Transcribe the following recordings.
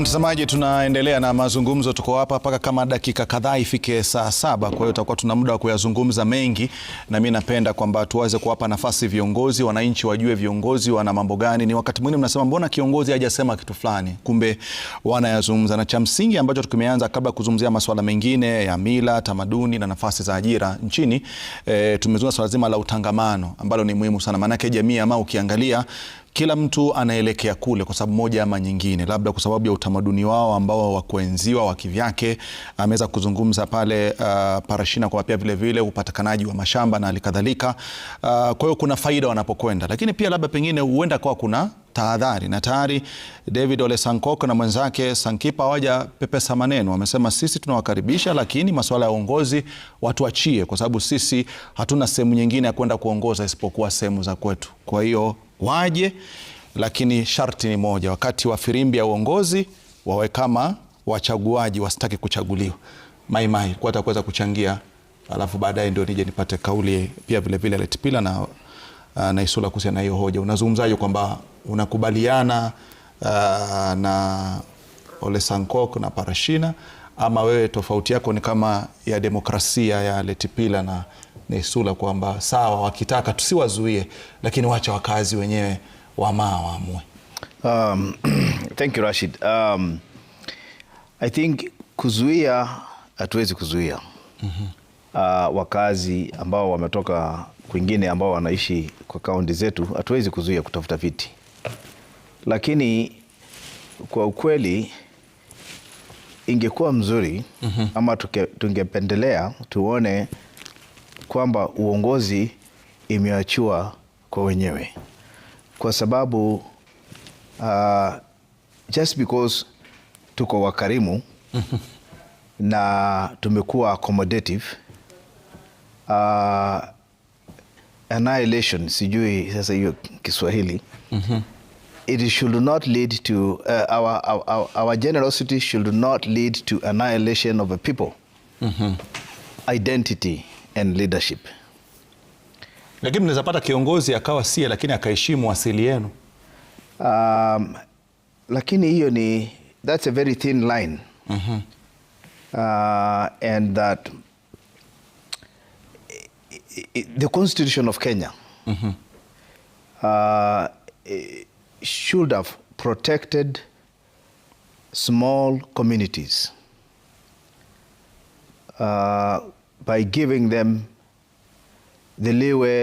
Mtazamaji, tunaendelea na mazungumzo. Tuko hapa mpaka kama dakika kadhaa ifike saa saba, kwa hiyo tutakuwa tuna muda wa kuyazungumza mengi, na mi napenda kwamba tuweze kuwapa nafasi viongozi, wananchi wajue viongozi wana mambo gani. Ni wakati mwingine mnasema mbona kiongozi hajasema kitu fulani, kumbe wanayazungumza. Na cha msingi ambacho tumeanza kabla kuzungumzia masuala mengine ya mila, tamaduni na nafasi za ajira nchini, e, tumezungumza swala zima la utangamano ambalo ni muhimu sana, maanake jamii ama ukiangalia kila mtu anaelekea kule kwa sababu moja ama nyingine, labda kwa sababu ya utamaduni wao ambao wakuenziwa wa kivyake. Ameweza kuzungumza pale uh, Parashina kwa pia vile vile upatikanaji wa mashamba na halikadhalika uh, kwa hiyo kuna faida wanapokwenda, lakini pia labda pengine huenda kwa kuna tahadhari na tayari David Ole Sankok na mwenzake Sankipa waja pepesa maneno. Wamesema sisi tunawakaribisha, lakini masuala ya uongozi watuachie, kwa sababu sisi hatuna sehemu nyingine ya kwenda kuongoza isipokuwa sehemu za kwetu. Kwa hiyo waje, lakini sharti ni moja, wakati wa firimbi ya uongozi wawe kama wachaguaji, wasitaki kuchaguliwa maimai kwa atakuweza kuchangia, alafu baadaye ndio nije nipate kauli pia vilevile Letpila na ah, Naisula kuhusiana na hiyo hoja. Unazungumzaje kwamba unakubaliana uh, na Ole Sankok na Parashina ama wewe tofauti yako ni kama ya demokrasia ya Letipila na Naisula kwamba sawa, wakitaka tusiwazuie, lakini wacha wakazi wenyewe wa Maa waamue. Um, thank you Rashid. Um, I think kuzuia hatuwezi kuzuia mm -hmm. Uh, wakazi ambao wametoka kwingine ambao wanaishi kwa kaunti zetu hatuwezi kuzuia kutafuta viti, lakini kwa ukweli ingekuwa mzuri mm -hmm. ama tungependelea tuone kwamba uongozi imeachiwa kwa wenyewe, kwa sababu uh, just because tuko wakarimu na tumekuwa accommodative uh, annihilation sijui sasa hiyo Kiswahili mm -hmm. It should not lead to uh, our, our, our generosity should not lead to annihilation of a people mm -hmm. identity and leadership. Lakini mnaweza pata kiongozi akawa sie, lakini akaheshimu asili yenu. Um, lakini hiyo ni that's a very thin line. mm -hmm. Uh, and that the constitution of Kenya mm -hmm. Uh, should have protected small communities. Uh, by giving them the leeway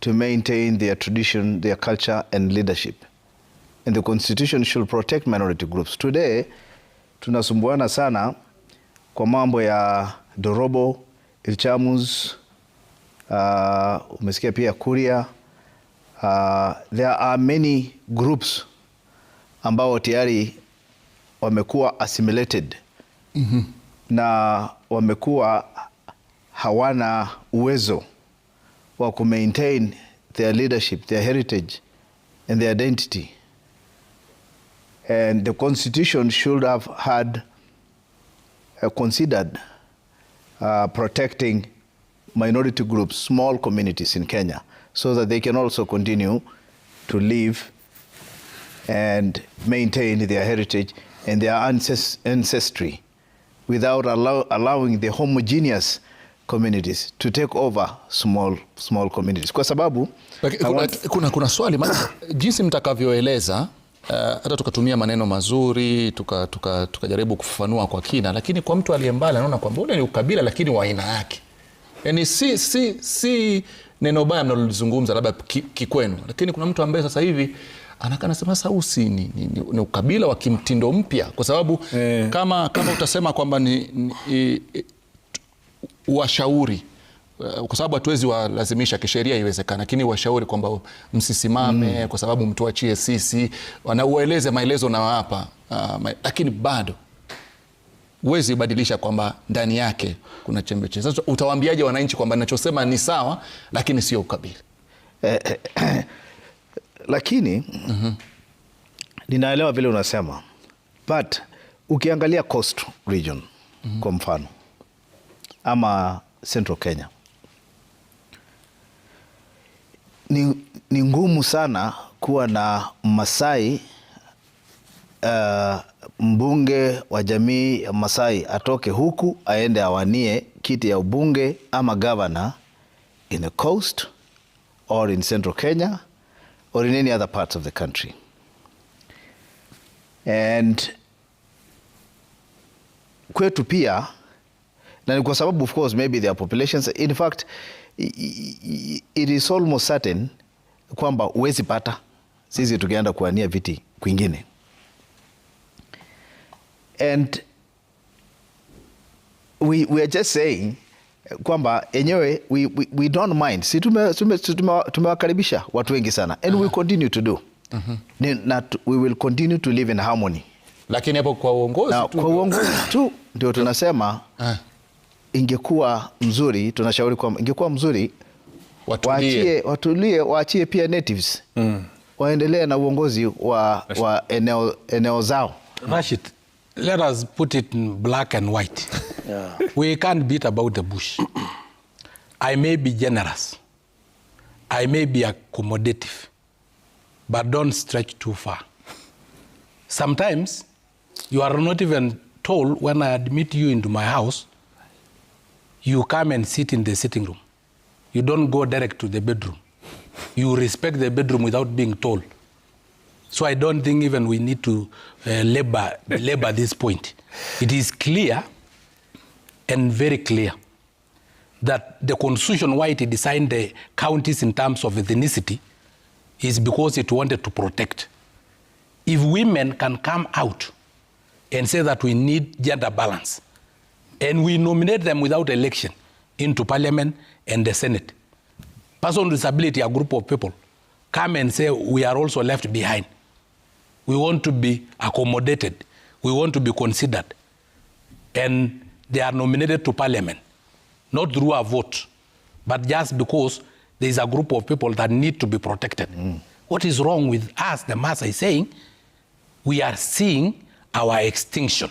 to maintain their tradition, their culture, and leadership. And the constitution should protect minority groups. Today tunasumbuana sana kwa mambo ya Dorobo, Ilchamus, uh, umesikia pia Kuria. Uh, there are many groups ambao tayari wamekuwa assimilated mm -hmm. na wamekuwa hawana uwezo wa ku maintain their leadership, their heritage and their identity. And the constitution should have had uh, considered uh, protecting minority groups, small communities in Kenya so that they can also continue to live and maintain their heritage and their ancestry without allow allowing the homogeneous communities to take over small, small communities kwa sababu kuna, want... kuna, kuna swali maana jinsi mtakavyoeleza eh, hata uh, tukatumia maneno mazuri tukajaribu tuka, tuka kufafanua kwa kina, lakini kwa mtu aliye mbali anaona kwamba ule ni ukabila lakini wa aina yake. Yani si, si, si neno baya mnalolizungumza labda kikwenu ki, lakini kuna mtu ambaye sasa hivi anakaa nasema sasa huu si ni, ni, ni ni ukabila wa kimtindo mpya, kwa sababu eh, kama, kama utasema kwamba ni, ni, ni, washauri eh, kwa sababu hatuwezi walazimisha kisheria, iwezekana, lakini washauri kwamba msisimame mm. kwa sababu mtuachie sisi, wanaueleze maelezo nawapa uh, ah, ma, lakini bado huwezi badilisha kwamba ndani yake kuna chembeche. Sasa utawaambiaje wananchi kwamba nachosema ni sawa, lakini sio ukabili eh, eh, lakini mm -hmm. ninaelewa vile unasema, but ukiangalia coast region mm -hmm. kwa mfano ama Central Kenya. Ni, ni ngumu sana kuwa na Masai uh, mbunge wa jamii ya Masai atoke huku aende awanie kiti ya ubunge ama governor in the coast or in Central Kenya or in any other parts of the country. And kwetu pia na ni kwa sababu of course maybe their populations in fact it is almost certain kwamba huwezi pata sisi tukienda kuania viti kwingine and we, we are just saying kwamba enyewe we, we, we don't mind si tumewakaribisha watu wengi sana and uh -huh. we continue to do uh -huh. na we will continue to live in harmony, lakini hapo kwa uongozi tu, kwa uongozi tu ndio tunasema uh eh. -huh ingekuwa mzuri, tunashauri kwamba ingekuwa mzuri watulie, watulie waachie pia natives mm. waendelee na uongozi wa, wa eneo, eneo zao Rashid, let us put it in black and white yeah. we can't beat about the bush I may be generous I may be accommodative but don't stretch too far sometimes you are not even told when I admit you into my house you come and sit in the sitting room. You don't go direct to the bedroom. You respect the bedroom without being told. So I don't think even we need to uh, labor, labor this point. It is clear and very clear that the constitution why it designed the counties in terms of ethnicity is because it wanted to protect. If women can come out and say that we need gender balance, and we nominate them without election into parliament and the Senate. Person with disability, a group of people, come and say, we are also left behind. We want to be accommodated. We want to be considered. And they are nominated to parliament, not through a vote, but just because there is a group of people that need to be protected. Mm. What is wrong with us, the mass is saying? We are seeing our extinction.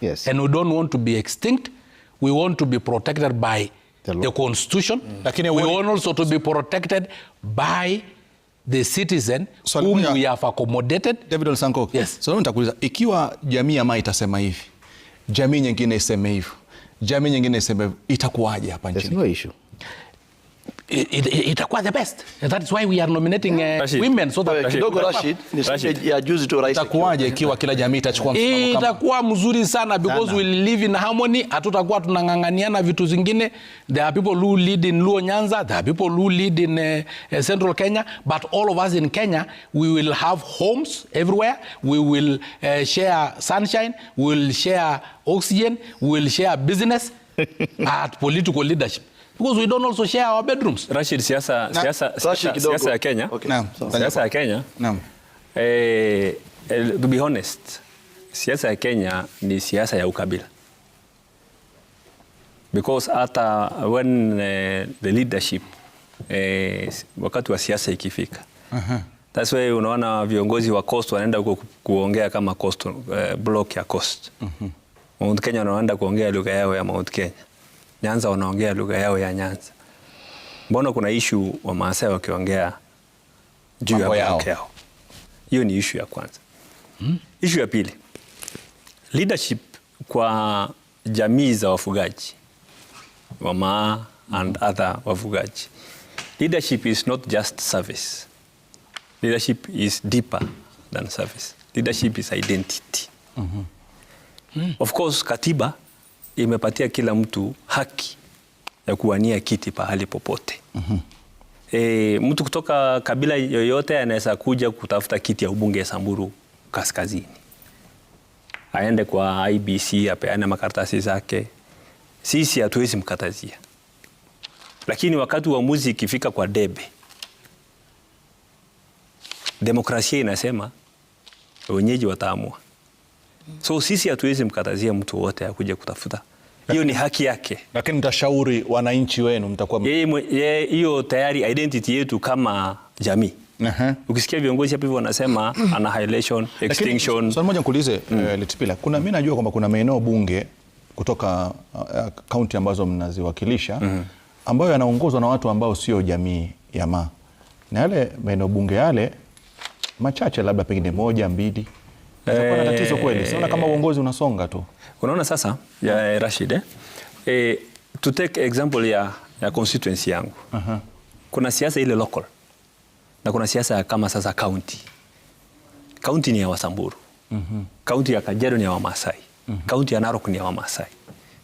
Yes. And we don't want to be extinct. We want to be protected by the, the constitution. Mm. Lakini we want also to be protected by the citizen so, whom we have accommodated. David Olsanko. Yes. So nitakuuliza ikiwa jamii ya itasema hivi, jamii nyingine iseme hivyo, jamii nyingine iseme hivyo, itakuwaje hapa nchini? no issue itakuwa the best. and That is why we are nominating uh, women so that kidogo Rashid ni ya juzi tu rais. Itakuwaje ikiwa kila jamii itachukua msimamo kama? Itakuwa mzuri sana because we live in harmony, hatutakuwa tunang'ang'aniana vitu zingine. There are people who lead in Luo Nyanza, there are people who lead in uh, uh, Central Kenya, but all of us in Kenya we will have homes everywhere. We will uh, share sunshine, we will share oxygen, we will share business at political leadership because we don't also share our bedrooms. Rashid, siasa siasa siasa ya Kenya. Okay. Naam. Siasa ya Kenya. Naam. Eh, eh, to be honest, siasa ya Kenya ni siasa ya ukabila. Because hata when uh, the leadership eh, wakati wa siasa ikifika. Uh-huh. That's why unaona viongozi wa Coast wanaenda ku, kuongea kama Coast, uh, block ya Coast. Uh-huh. Mount Kenya wanaenda kuongea lugha yao ya Mount Kenya. Nyanza wanaongea lugha yao ya Nyanza. Mbona kuna ishu wa Maasai wakiongea juu ya mambo yao? Hiyo ni ishu ya kwanza. Hmm. Ishu ya pili, leadership kwa jamii za wafugaji wa Wamaa and other wafugaji. Leadership is not just service. Leadership is deeper than service. Leadership is identity. Mm -hmm. Mm. Of course, katiba imepatia kila mtu haki ya kuwania kiti pahali popote. mm -hmm. E, mtu kutoka kabila yoyote anaweza kuja kutafuta kiti ya ubunge Samburu Kaskazini, aende kwa IBC apeane makaratasi zake, sisi hatuwezi mkatazia. Lakini wakati uamuzi ikifika kwa debe, demokrasia inasema wenyeji wataamua. So sisi hatuwezi mkatazia mtu wote akuja kutafuta hiyo ni haki yake, lakini mtashauri wananchi wenu, mtakuwa hiyo tayari identity yetu kama jamii. Uh-huh. Ukisikia viongozi hapa hivyo wanasema annihilation, extinction. Swali moja nikuulize, eh, mm. Letipila, kuna mimi najua kwamba kuna maeneo bunge kutoka eh, kaunti uh, ambazo mnaziwakilisha mm -hmm. ambayo yanaongozwa na watu ambao sio jamii ya ma na yale maeneo bunge yale machache, labda pengine moja mbili Eh, tatizo kweli, siona kama uongozi unasonga tu. Unaona sasa ya eh, Rashid eh? Eh, to take example ya, ya constituency yangu uh -huh. Kuna siasa ile local na kuna siasa kama sasa county. County ni ya Wasamburu uh mhm. -huh. County ya Kajiado ni ya Wamasai uh mhm. -huh. County ya Narok ni ya Wamasai.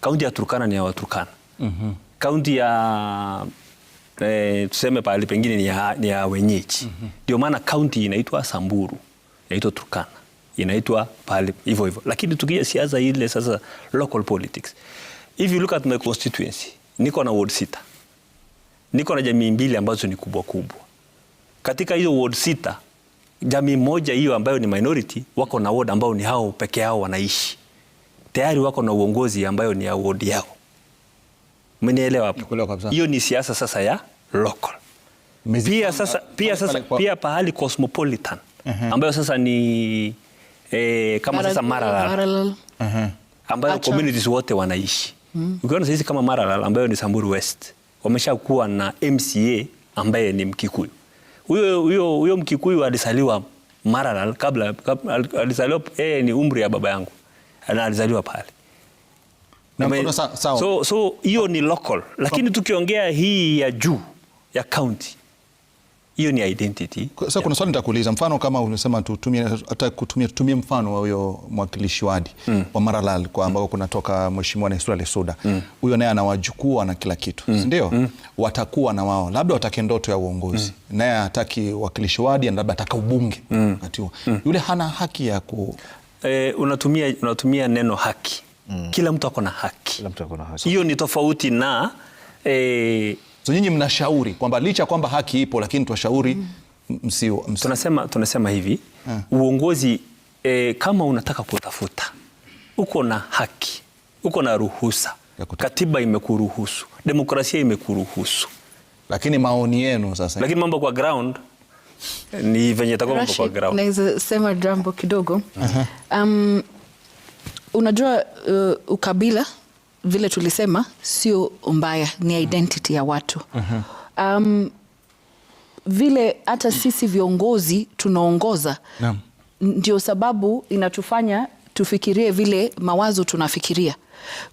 County ya Turkana ni ya Waturkana uh mhm. -huh. County ya eh, tuseme pale pengine ni ya, ni ya wenyeji ndio uh -huh. Maana county inaitwa Samburu inaitwa Turkana inaitwa pale hivyo hivyo, lakini tukija siasa ile sasa local politics, if you look at my constituency, niko na ward sita, niko na jamii mbili ambazo ni kubwa kubwa. Katika hiyo ward sita, jamii moja hiyo ambayo ni minority wako na ward ambao ni hao peke yao wanaishi tayari, wako na uongozi ambayo ni ya ward yao. Mnielewa hapo? Hiyo ni siasa sasa ya local. Pia sasa, pia sasa, pia pahali cosmopolitan mhm. ambayo sasa ni eh, kama Parallel. Sasa Maralal, Parallel. Uh-huh. ambayo Acha. communities wote wanaishi mm. Ukiona sisi kama Maralal ambayo ni Samburu West wameshakuwa na MCA ambaye ni Mkikuyu. Huyo huyo huyo Mkikuyu alisaliwa Maralal kabla, kabla alisaliwa eh, ni umri ya baba yangu na alizaliwa pale Mbe, so so hiyo ni local, lakini tukiongea hii ya juu ya county hiyo ni identity. Sasa kuna swali nitakuuliza, mfano kama unasema tutumie hata kutumia tutumie mfano wa huyo mwakilishi wadi mm. wa Maralal kwa hmm. ambao kunatoka mheshimiwa Nasrullah Lesuda hmm. huyo mm. naye anawajukua na kila kitu mm. ndio mm. watakuwa na wao labda watake ndoto ya uongozi mm. naye hataki wakilishi wadi na labda ataka ubunge hmm. wakati mm. huo mm. yule hana haki ya ku eh, unatumia, unatumia neno haki mm. kila mtu ako na haki hiyo ni tofauti na eh, So nyinyi mnashauri kwamba licha kwamba haki ipo, lakini twashauri mm. msio, msio. Tunasema, tunasema hivi ha. Eh. Uongozi e, kama unataka kutafuta uko na haki, uko na ruhusa, katiba imekuruhusu, demokrasia imekuruhusu, lakini maoni yenu sasa, lakini mambo kwa ground ni venye itakuwa mambo kwa ground. Naweza sema jambo kidogo. um, unajua uh, ukabila vile tulisema sio mbaya, ni identity ya watu mhm. um, vile hata sisi viongozi tunaongoza, ndio sababu inatufanya tufikirie vile mawazo tunafikiria,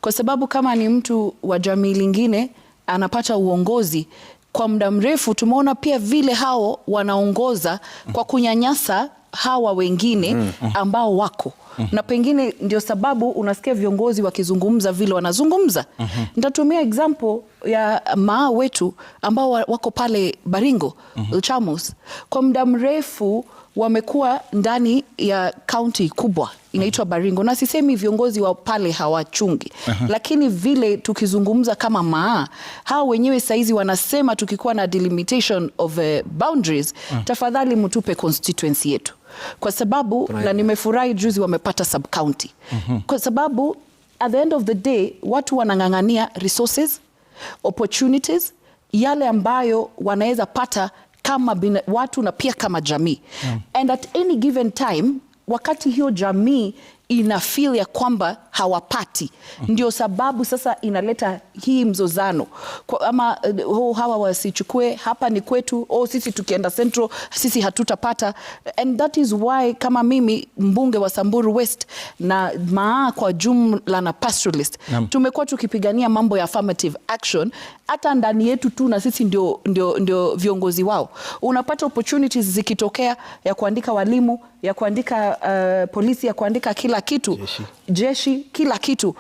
kwa sababu kama ni mtu wa jamii lingine anapata uongozi kwa muda mrefu, tumeona pia vile hao wanaongoza kwa kunyanyasa hawa wengine mm, mm. ambao wako mm. na pengine ndio sababu unasikia viongozi wakizungumza vile wanazungumza. mm -hmm. Nitatumia example ya maa wetu ambao wako pale Baringo mm -hmm. Chamus, kwa muda mrefu wamekuwa ndani ya kaunti kubwa inaitwa mm-hmm. Baringo, na sisemi viongozi wa pale hawachungi uh -huh. Lakini vile tukizungumza kama maa hawa wenyewe saizi wanasema tukikuwa na delimitation of uh, boundaries uh -huh. Tafadhali mtupe constituency yetu kwa sababu Praia. Na nimefurahi juzi wamepata sub county mm -hmm. Kwa sababu at the end of the day watu wanang'ang'ania resources opportunities, yale ambayo wanaweza pata kama bina, watu na pia kama jamii mm. And at any given time wakati hiyo jamii ina feel ya kwamba hawapati mm -hmm. Ndio sababu sasa inaleta hii mzozano kwa, ama uh, oh, hawa wasichukue hapa ni kwetu, oh, sisi tukienda Central sisi hatutapata, and that is why kama mimi mbunge wa Samburu West na Maa kwa jumla na pastoralist mm -hmm. tumekuwa tukipigania mambo ya affirmative action hata ndani yetu tu, na sisi ndio, ndio, ndio viongozi wao. Unapata opportunities zikitokea ya kuandika walimu ya kuandika uh, polisi ya kuandika kila kitu jeshi, jeshi kila kitu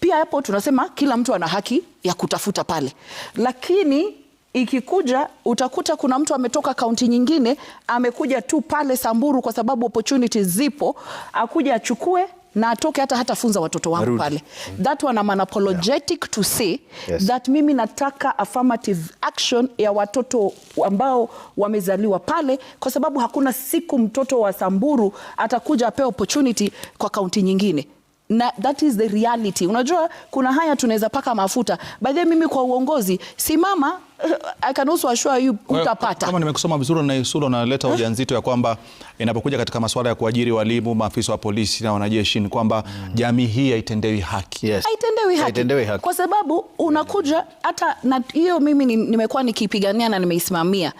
pia hapo tunasema kila mtu ana haki ya kutafuta pale, lakini ikikuja utakuta kuna mtu ametoka kaunti nyingine amekuja tu pale Samburu kwa sababu opportunities zipo, akuja achukue na atoke hata hatafunza watoto wangu pale. That one I'm unapologetic yeah. to say yes. that mimi nataka affirmative action ya watoto ambao wamezaliwa pale, kwa sababu hakuna siku mtoto wa Samburu atakuja apewa opportunity kwa kaunti nyingine na that is the reality. Unajua kuna haya tunaweza paka mafuta by the mimi kwa uongozi simama I can also assure you utapata. Kama nimekusoma vizuri na sura unaleta ujauzito ya kwamba inapokuja katika masuala ya kuajiri walimu, maafisa wa polisi na wanajeshi ni kwamba mm. jamii hii haitendewi haki. Yes. Haitendewi haki. Haitendewi haki. Kwa sababu unakuja hata na hiyo mimi nimekuwa nikipigania na nimeisimamia.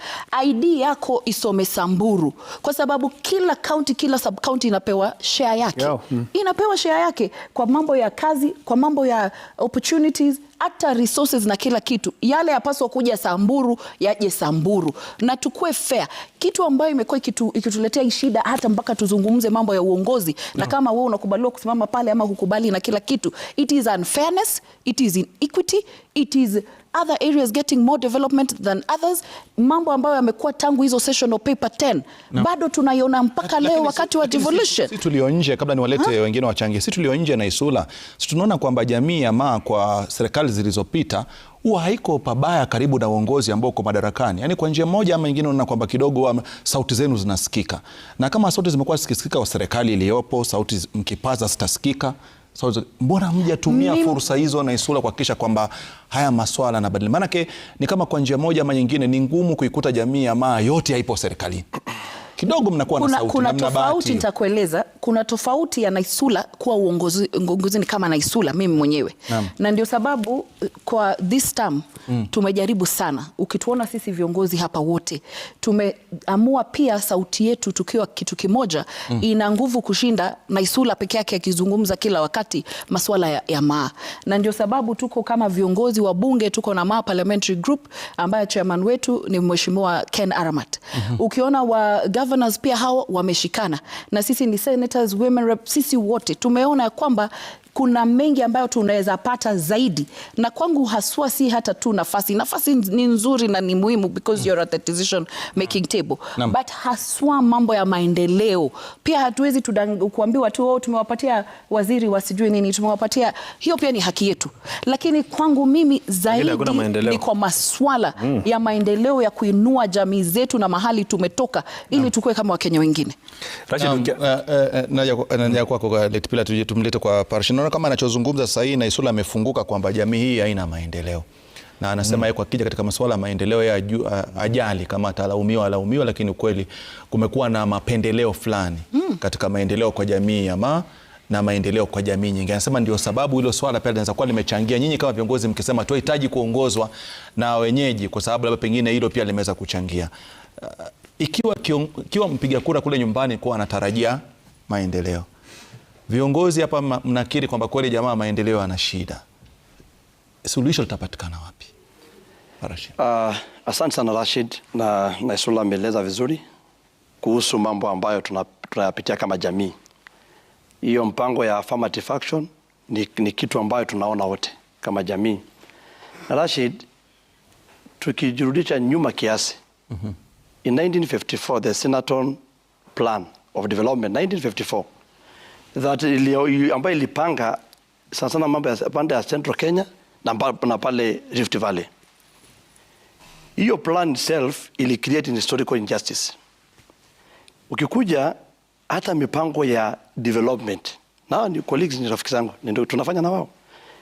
ID yako isome Samburu kwa sababu kila county, kila sub county inapewa share yake. Mm. Inapewa share yake kwa mambo ya kazi, kwa mambo ya opportunities hata resources na kila kitu, yale yapaswa kuja Samburu yaje Samburu, na tukue fair, kitu ambayo imekuwa ikituletea shida hata mpaka tuzungumze mambo ya uongozi no. na kama wewe unakubaliwa kusimama pale ama hukubali na kila kitu, it is unfairness, it is inequity, it is other areas getting more development than others, mambo ambayo yamekuwa tangu hizo sessional paper 10 no. bado tunaiona mpaka lakin, leo wakati wa devolution. Si tulio nje, kabla niwalete wengine wachangie, si tulio nje na Isula, si tunaona kwamba jamii ya Maa kwa serikali zilizopita huwa haiko pabaya karibu na uongozi ambao uko madarakani. Yaani kwa njia moja ama nyingine unaona kwamba kidogo um, sauti zenu zinasikika, na kama sauti zimekuwa zikisikika kwa serikali iliyopo, sauti mkipaza zitasikika Sorry, mbona mjatumia Mim... fursa hizo na Isula kuhakikisha kwamba haya maswala yanabadilika? Maanake ni kama kwa njia moja ama nyingine ni ngumu kuikuta jamii ya maa yote haipo serikalini kidogo mnakuwa na sauti. Kuna tofauti, nitakueleza. Kuna tofauti ya Naisula kuwa uongozi, uongozini kama Naisula mimi mwenyewe Naam. na ndio sababu eh, kwa this term mm. tumejaribu sana, ukituona sisi viongozi hapa wote tumeamua pia sauti yetu tukiwa kitu kimoja mm. ina nguvu kushinda Naisula peke yake akizungumza kila wakati masuala ya, ya maa, na ndio sababu tuko kama viongozi wa bunge tuko na maa parliamentary group ambayo chairman wetu ni mheshimiwa Ken Aramat mm -hmm. ukiona wa governors pia hawa wameshikana na sisi ni senators, women rep, sisi wote tumeona ya kwamba kuna mengi ambayo tunaweza pata zaidi, na kwangu haswa si hata tu nafasi. Nafasi ni nzuri na ni muhimu because you're at the decision making table Nam. but haswa mambo ya maendeleo pia, hatuwezi kuambiwa tu oh, tumewapatia waziri wasijui nini, tumewapatia hiyo, pia ni haki yetu, lakini kwangu mimi zaidi ni kwa maswala mm. ya maendeleo ya kuinua jamii zetu na mahali tumetoka, ili tukue kama Wakenya wengine. Rashid, eh, eh, eh, naja kwako, tumlete kwa unaona kama anachozungumza sasa hivi Naisula amefunguka kwamba jamii hii haina maendeleo na anasema mm. yeye mm. Akija katika masuala ya maendeleo ya ajali kama atalaumiwa alaumiwa, lakini ukweli kumekuwa na mapendeleo fulani mm. katika maendeleo kwa jamii ya ma na maendeleo kwa jamii nyingi. Anasema ndio sababu hilo swala pia linaweza kuwa limechangia nyinyi kama viongozi mkisema tunahitaji kuongozwa na wenyeji, kwa sababu labda pengine hilo pia limeweza kuchangia uh, ikiwa, ikiwa mpiga kura kule nyumbani kuwa anatarajia maendeleo Viongozi hapa mnakiri kwamba kweli jamaa maendeleo ana shida, suluhisho litapatikana wapi? Uh, asante sana Rashid na Naisula ameeleza vizuri kuhusu mambo ambayo tunayapitia kama jamii. Hiyo mpango ya affirmative action ni, ni kitu ambayo tunaona wote kama jamii. Na Rashid, tukijirudisha nyuma kiasi mm -hmm. In 1954 the Senaton Plan of Development 1954 that ili, ambayo ilipanga sana sana mambo ya pande ya Central Kenya na, na pale Rift Valley. Hiyo plan itself ili create historical injustice. Ukikuja hata mipango ya development na ni colleagues, ni rafiki zangu, ndio tunafanya na wao.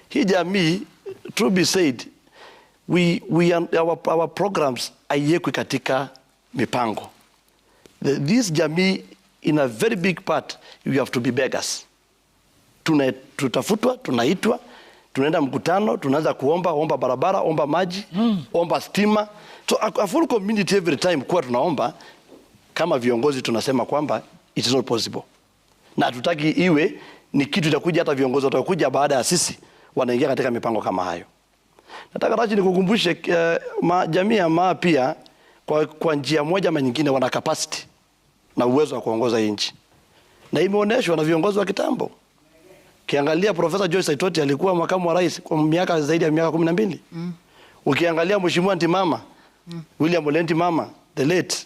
Hii jamii to be said we, we our, our programs aiekwi katika mipango. The, this jamii in a very big part you have to be beggars. Tuna, tutafutwa, tunaitwa, tunaenda mkutano, tunaanza kuomba, omba barabara, omba maji, mm. omba stima. So a, a full community every time kuwa tunaomba kama viongozi tunasema kwamba it is not possible. Na tutaki iwe ni kitu cha kuja hata viongozi watakuja baada ya sisi wanaingia katika mipango kama hayo. Nataka Rachi nikukumbushe uh, eh, jamii ya Maa pia kwa, kwa njia moja ama nyingine wana capacity na uwezo wa kuongoza nchi, na imeoneshwa na viongozi wa kitambo. Ukiangalia Profesa Joyce Saitoti alikuwa makamu wa rais kwa miaka zaidi ya miaka kumi na mbili. Mm. Ukiangalia Mheshimiwa Ntimama mm. William Ole Ntimama the late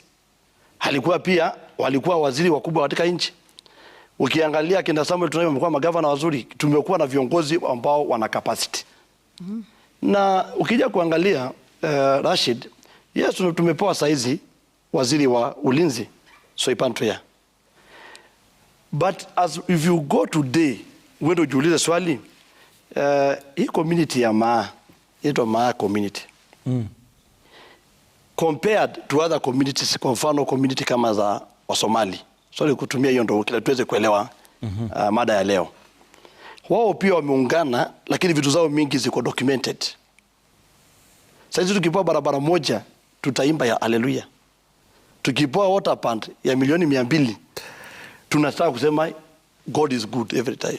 alikuwa pia walikuwa waziri wakubwa katika nchi. Ukiangalia kina Samuel Tunai wamekuwa magavana wazuri. Tumekuwa na viongozi ambao wana capacity. Mm. Na ukija kuangalia uh, Rashid, yes tumepewa saizi waziri wa ulinzi. Mm soipantria. But as if you go today, uende ujiulize swali uh, hii community ya Maa inaitwa Maa community mm. compared to other communities, kwa mfano community kama za Wasomali swali kutumia hiyo ndio kila tuweze kuelewa mm -hmm. uh, mada ya leo wao pia wameungana, lakini vitu zao mingi ziko documented. Sasa tukipewa barabara moja tutaimba ya haleluya tukipoa water plant ya milioni mia mbili tunataka kusema God is good every time.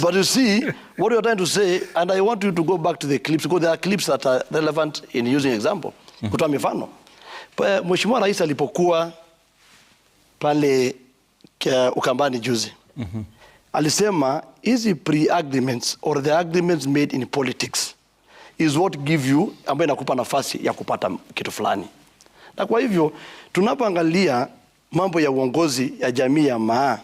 But you see, what you trying to say, and I want you to go back to the clips, because there are clips that are relevant in using example. Mm -hmm. Kutoa mifano. Eh, Mheshimiwa Rais alipokuwa pale eh, Ukambani juzi. Mm -hmm. Alisema hizi pre-agreements or the agreements made in politics is what give you ambayo inakupa nafasi ya kupata kitu fulani. Na kwa hivyo tunapoangalia mambo ya uongozi ya jamii ya Maa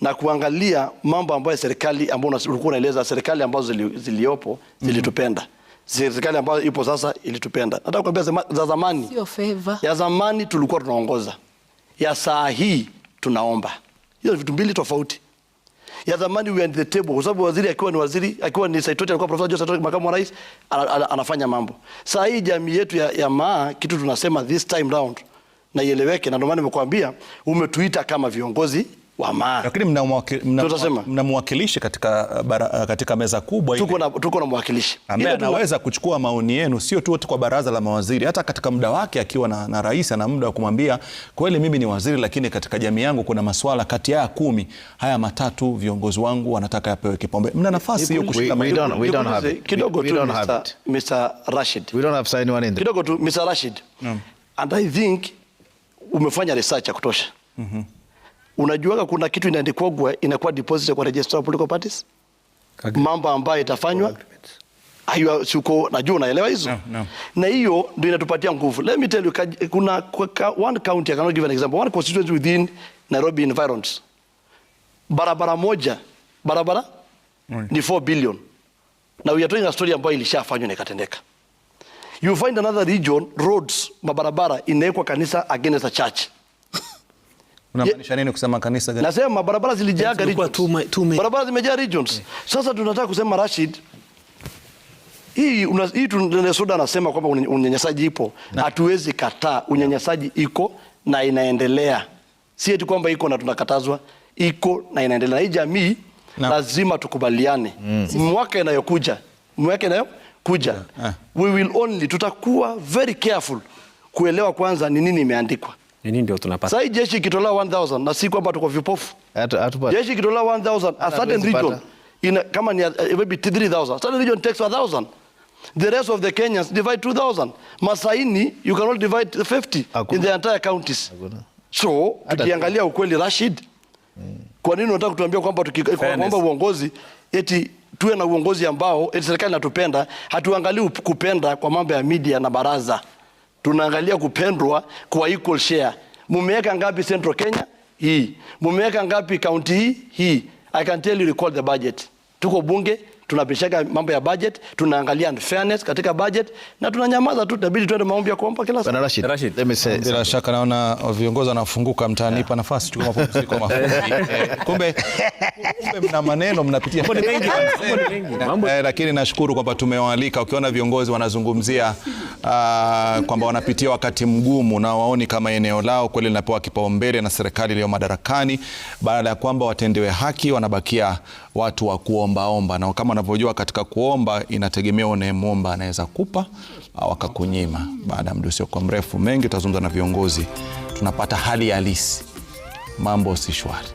na kuangalia mambo ambayo serikali ambayo ulikuwa unaeleza serikali ambazo zili, ziliopo zilitupenda mm -hmm. Serikali ambayo ipo sasa ilitupenda. Nataka kuambia za zamani, sio favor. Ya zamani tulikuwa tunaongoza, ya saa hii tunaomba. Hiyo vitu mbili tofauti ya zamani we are the table, kwa sababu waziri akiwa ni waziri akiwa ni Saitoti, alikuwa Profesa Joseph Saitoti makamu wa rais, anafanya mambo. Saa hii jamii yetu ya, ya maa kitu tunasema this time round na ieleweke, na ndio maana nimekuambia umetuita kama viongozi wa maana. Lakini katika, uh, uh, katika meza kubwa tuko na, mwakilishi ambaye anaweza kuchukua maoni yenu sio tu kwa baraza la mawaziri, hata katika muda wake akiwa na, na rais ana muda wa kumwambia kweli, mimi ni waziri, lakini katika jamii yangu kuna maswala kati ya kumi haya matatu, viongozi wangu wanataka yapewe kipaumbele. Mna nafasi hiyo kushika kidogo tu, Mr. Rashid, kidogo tu Mr. Rashid, and I think umefanya research ya kutosha mm -hmm. Unajuaga kuna kitu inaandikwa inakuwa deposit kwa register of political parties, mambo ambayo itafanywa hiyo shuko, najua unaelewa hizo no, no. Na hiyo ndio inatupatia nguvu. Let me tell you, kuna one county, I cannot give an example, one constituency within Nairobi environs, barabara moja barabara ni 4 billion na we are telling a story ambayo ilishafanywa na ikatendeka. You find another region roads mabarabara inawekwa kanisa against a church Unamaanisha nini kusema kanisa gani? Nasema barabara yaani regions. barabara zimejaa regions. Sasa tunataka kusema Rashid, hii una, hii tunasoda anasema kwamba unyanyasaji ipo, hatuwezi kataa. Unyanyasaji iko na inaendelea, si eti kwamba iko na tunakatazwa, iko na inaendelea. Hii jamii na lazima tukubaliane mm. mwaka inayokuja mwaka inayokuja eh. we will only, tutakuwa very careful kuelewa kwanza ni nini imeandikwa nini ndio tunapata. Sasa jeshi ikitolewa 1000 na si kwamba tuko vipofu. Jeshi ikitolewa 1000 a certain region in kama ni maybe 3000. Certain region takes 1000. The rest of the Kenyans divide 2000. Masaini you cannot divide 50 Akuna. in the entire counties. Akuna. So tukiangalia ukweli Rashid. Hmm. Kwa nini unataka kutuambia kwamba tukiomba uongozi eti tuwe na uongozi ambao eti serikali inatupenda, hatuangalii kupenda kwa mambo ya media na baraza tunaangalia kupendwa kwa equal share. Mumeweka ngapi Central Kenya? Hii. Mumeweka ngapi kaunti hii? Hii. I can tell you recall the budget. Tuko bunge tunabishaga mambo ya budget, tunaangalia fairness katika budget na tunanyamaza tu, tabidi tuende maombi ya kuomba kila saa. Rashid, Rashid, let me say bila shaka naona viongozi wanafunguka mtaani, nipa nafasi tu mapumziko mafupi. Kumbe kumbe mna maneno mnapitia eh, lakini nashukuru kwamba tumewaalika. Ukiona viongozi wanazungumzia uh, kwamba wanapitia wakati mgumu na waoni kama eneo lao kweli linapewa kipaumbele na serikali iliyo madarakani, baada ya kwamba watendewe haki, wanabakia watu wa kuombaomba na kama wanavyojua katika kuomba inategemea unayemwomba anaweza kupa au ah, akakunyima. Baada ya muda usiokuwa mrefu, mengi utazungumza na viongozi, tunapata hali halisi, mambo si shwari.